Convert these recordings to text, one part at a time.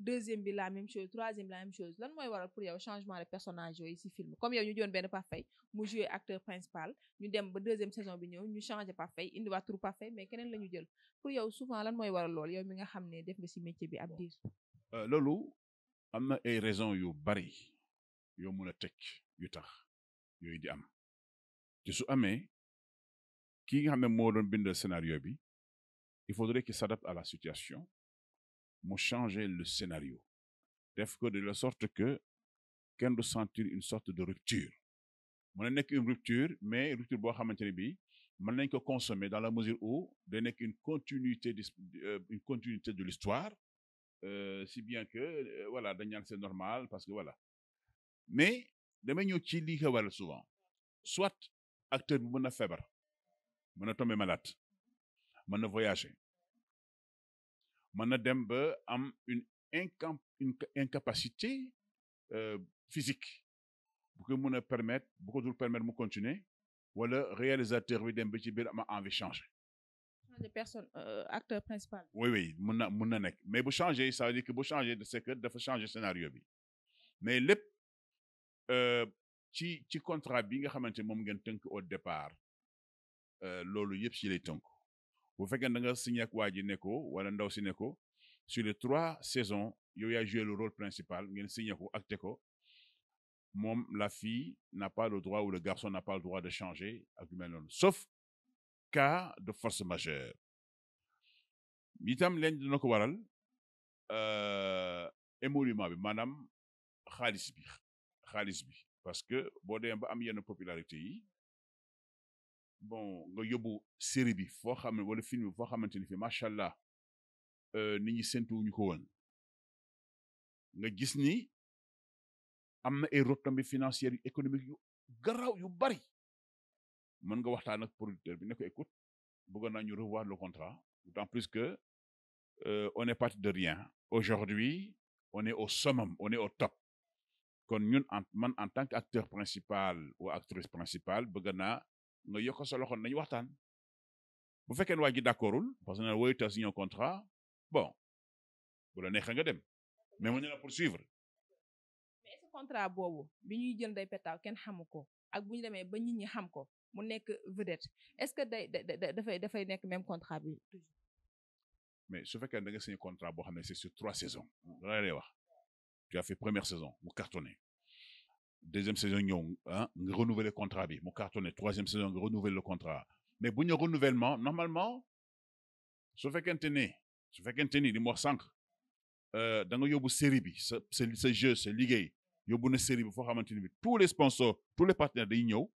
deuxième bi la même chose troisième la même chose lan moy waral pour yow changement de personnage yooyu ci film comme yow ñu joon ben Parfay mu jouer acteur principal ñu dem ba deuxième saison bi ñëw ñu changé indi wa tur parfait mais keneen lañu jël pour yow souvent lan moy waral lool yow mi nga xamné def nga ci métier bi ab diir. Euh, loolu am na ay raisons yu bari yo mën a teg yu tax yoy di am ci su amé ki nga xamné mo doon bind scénario bi il faudrait qu'il s'adapte à la situation mu changer le scénario de la sorte que quelqu'un du sentir une sorte de rupture mën na nekk une rupture mais rupture boo xamante ne bii mën nañ ko consommer dans la mesure où day nekk une continuité euh, continuité de l'histoire euh, si bien que euh, voilà c'est normal parce que voilà mais damay ñëw ci li ko souvent soit acteur bi mën na feebar malade mën na voyager mën na dem ba am une incam une incapacité physique bu ko mën permettre bu ko dul permettre mu continuer wala réalisateur bi dem ba ci biir ama envie changer de personne acteur principal. oui oui mun na nek mais bu changer ça veut dire que bu changer c'est que dafa changer scénario bi mais euh, ci ci contrat bi nga xamante moom ngeen tënk au départ loolu yëpp ci lay tënk bu faites un nga signé ak waa ou ne wala ndaw si sur les trois saisons yow a joué le rôle principal ngeen signé ko acté ko moom la fille n'a pas le droit ou le garçon n'a pas le droit de changer ak yu sauf cas de force majeure Mitam leen dina ko waral euh, émolument bi maanaam xaalis bi xaalis bi parce que boo demee ba am yenn popularité bon nga yobou série bi fo xamné wala film bi fo ni fi macha allah euh, nit ñi séntuwuñu ko won nga gis ni amna ay financière économique yu graw yu bari nga waxtaan producteur écoute revoir le contrat d'autant plus que euh, on est parti de rien aujourd'hui on est au summum on est au top kon ñun en man en tant qu'acteur principal ou actrice principale bu parce que vous avez signé contrat bon vous la mais vous poursuivre mais ce contrat boobu bi jël day pétaw kenn xamu ak bu ñu ba nit ñi vedette est-ce que day dafay dafay même contrat bi mais ce fekkee da nga signé contrat c'est sur trois saisons vous lay wax tu as fait première saison vous cartonné deuxième saison nous hein, nga renouveler contrat bi carton cartonné troisième saison nous renouveler le contrat mais pour le renouvellement normalement su fekkente ni su fekkente ni qu'un mu wax euh, da nga yóbbu série bi jeu ce liggéey série bi tous les sponsors tous les partenaires dañuy ñëw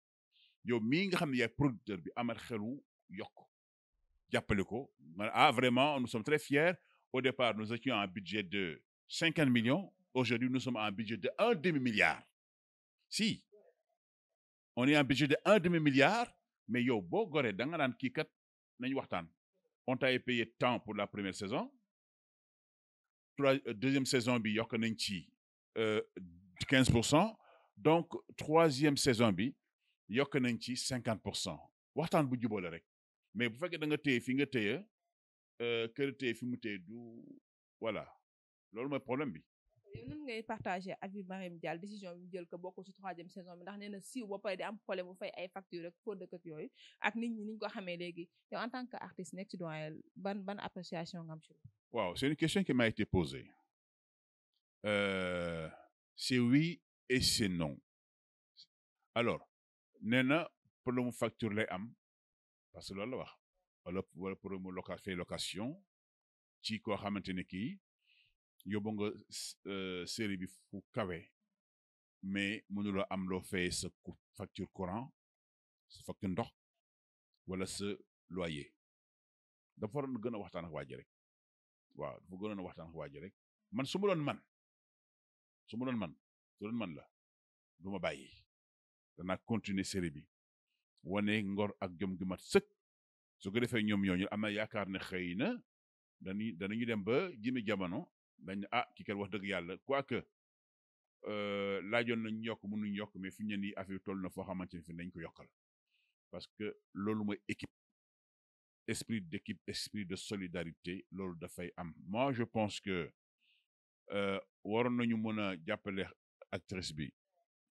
yow mii nga xam ne producteur bi amal ah vraiment nous sommes très fiers au départ nous étions à un budget de 50 millions aujourd'hui nous sommes à un budget de un demi milliard si, on est un budget de 1 demi-milliard, mais yo, bo gore, dangaran kikat, nan On a payé tant pour la première saison. Trois, euh, deuxième saison, bi yok a euh, 15%. Donc, troisième saison, bi yok a 50%. Wartan bu djubo rek. Mais pour faire que tu aies fait, tu aies fait, tu aies fait, tu aies fait, voilà. C'est le problème nan ngay partager avis Mariam Dial décision bi jël ko bokk ci e saison bi ndax neena na bo ba pare di am problème bu fay ay facture rek foo dëkk ak yoy ak nit ñi ni ko xamé légui yow en tant que artiste nekk ci doyen ban ban appréciation nga am ci wow c'est une question qui m'a été posée euh, c'est oui et c'est non alors nee na problème facture lay am parce que lolu wax wala wala problème location location ci ko xamante ki yóbbu nga euh, série bi fu kawe mais mënuloo am lo fay sa facture courant sa fak ndox wala sa loyer da waroon gën gëna waxtan ak waji rek waaw waxtan ak waji rek man su don man su don man su don man la duma bayyi bàyyi danaa continuer série bi wane ngor ak jom gi mat seuk su ko defee ñoom ñooñu am na yaakaar ne xeyna dañu dañu dem ba jimi jamono dañ ne ah kii kat wax dëgg yàlla quoique euh, laajoon nañ yokk mënu yokk mais fi ñu ne nii affaire toll na fo xamanteni ne fi nañ ko yokal parce que lolu mooy équipe esprit d'équipe esprit de solidarité da fay am moi je pense que euh, waro nañu mëna jappelé actrice bi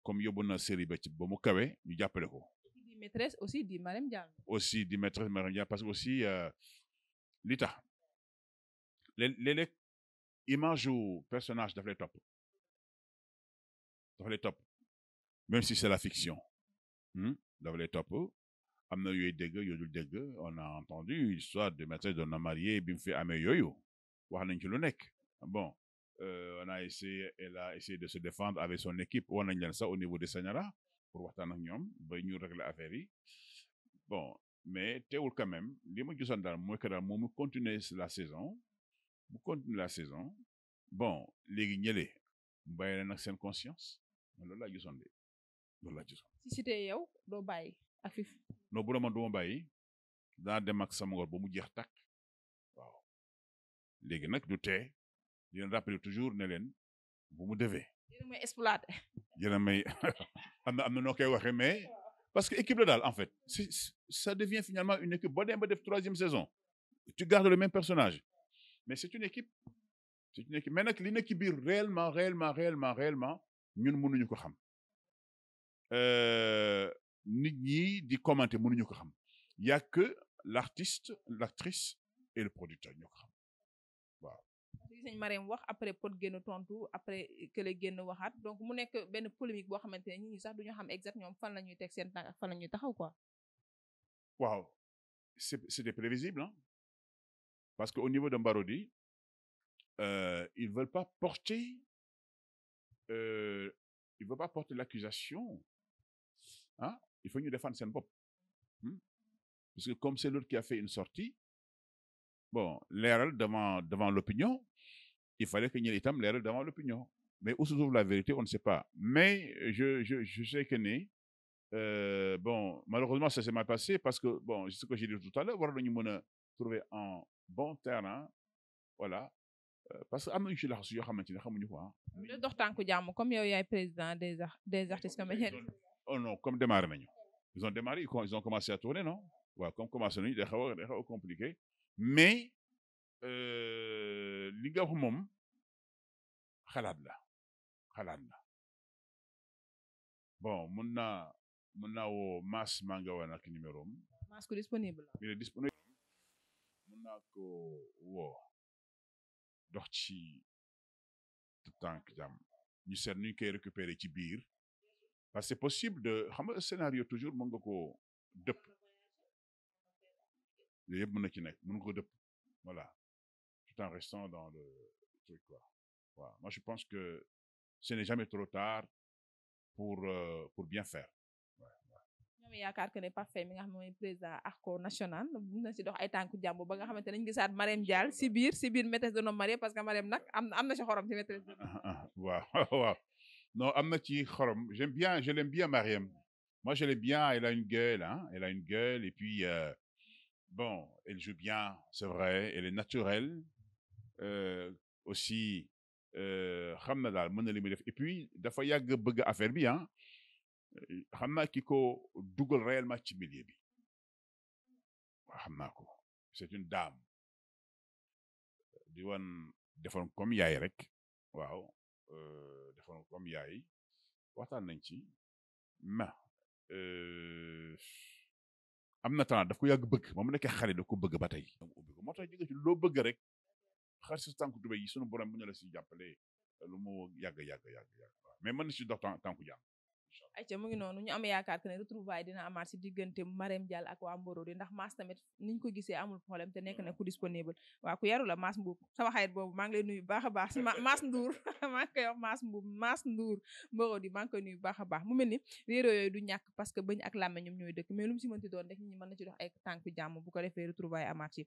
comme yóbbu na série ba ci ba mu kawé ñu jappelé ko. di maîtresse aussi di madame dial aussi di maîtresse madame dial parce que aussi euh tax les léeg image ou personnage dans les top. Dans les top. Même si c'est la fiction. Hmm? Dans les top. Amna yoy dege, yoy dege. On a entendu l'histoire de matin de homme marié, bim fait ame yoyo. Wahnen ki nek. Bon. Euh, on a essayé, elle a essayé de se défendre avec son équipe. On a ça au niveau de Sanyara. Pour waxtaan ak ñoom ba ñu régler affaire yi. Bon. Mais teewul quand même. Li ma gisoon daal mooy que daal moom continuer la saison. On continue la saison bon les ñële vous bàyyi conscience Mais là ils gisoon des, là si c'était yow non bu le dem ak sama mu waaw du rappelle toujours Nélène, vous bu mu parce que équipe la en fait. ça devient finalement une équipe boo troisième saison. tu gardes le même personnage mais c'est une équipe c'est une équipe mais nag li nekk biir réellement réellement réellement réellement ñun mënuñu ko xam euh, nit ñi di commenter mënuñu ko xam y a que l'artiste l'actrice et le producteur ñoo ko xam waaw. Marème wax après Pod génn tontu après kële génn waxat donc mu nek ben polémique bo xamanteni ñi sax duñu xam exact ñom fan lañuy tek sen seen ak fan la taxaw quoi. waaw c'est c'était prévisible hein parce qu'au niveau de Mbarodi, euh, ils ne veulent pas porter, euh, ils veulent pas porter l'accusation. Hein. Il faut nous défendre le Hmm? Parce que comme c'est l'autre qui a fait une sortie, bon, l'erreur devant, devant l'opinion, il fallait qu'il y ait l'erreur devant l'opinion. Mais où se trouve la vérité, on ne sait pas. Mais je, je, je sais que né, euh, bon, malheureusement, ça s'est mal passé parce que, bon, c'est ce que j'ai dit tout à l'heure, trouver un bon terrain voilà euh, parce que am na ñu ci laxasu yoo xamante ne xamuñu ko ah. lu dox tànku jàmm comme yow yaay président des des artistes comédiens. oh non comme démarrer nañu. ils ont démarré ils ont commencé à tourner non Voilà, comme commencé nañu day xaw a des xaw a compliqué mais euh, li nga wax moom xalaat la xalaat la bon mun naa mun naa woo Mass maa nga numéro Mass disponible. il est disponible naa ko woo dox ci tànk jam ñu seet nuñ koy récupérer ci biir parce que c'est possible de xam nga scénario toujours mën nga ko dëpp yëpp mën na ci nekk mën nga ko dëpp voilà tout en restant dans le truc quoi voilà moi je pense que ce n'est jamais trop tard pour euh, pour bien faire amee yaakaar que ne parfait mi nga xam ne mooy président ARCO national bu na si dox ay tànku jàmm ba nga xamante nañ gisaat mariem Dial si biir si biir maîtresse de homme marié parce que mariem nag am am na si xorom si maîtresse ah, ah, ah, waaw waaw non am na ci xorom j'aime bien je l'aime bien mariem moi je l'aime bien elle a une gueule hein elle a une gueule et puis euh, bon elle joue bien c'est vrai elle est naturelle euh, aussi euh, xam na daal mën na li muy def et puis dafa yàgg bëgg affaire bi ah xam naa ki ko dugal réellement ci milieu bi waaw xam naa ko c'est une dam di wan defoon comme rek waaw euh, defoon kom yaay waxtaan nañ ci ma euh, am na ta daf ko yàgg bëgg moom nekkee xale da ko bëgg ba tey ubbi ko moo tax ci loo bëgg rek xar si tànku tubéy yi sunu borom bu ñu la si jàppale lu mu yàgg yàgg yàgg mais mën na si dox tànku jàng ayca mu ngi noonu ñu am yaakaar que ne retrouvaille dina amaat si diggante Marème Dial ak waa Mborodi ndax Mass tamit niñ ko gisee amul problème te nekk na ku disponible waa ku yaru la Mass Mbuub sama xarit a baax si Mass Ndour maa ngi koy wax Mass Mbuub Mass Ndour Mborodi maa baax a baax mu mel ni réeroo yooyu du ñàkk parce que bañ ak làmme ñoom ñooy dëkk mais lu mu si mënti doon rek ñi mën na ci dox ay tànk jàmm bu ko defee retrouvaille amaat si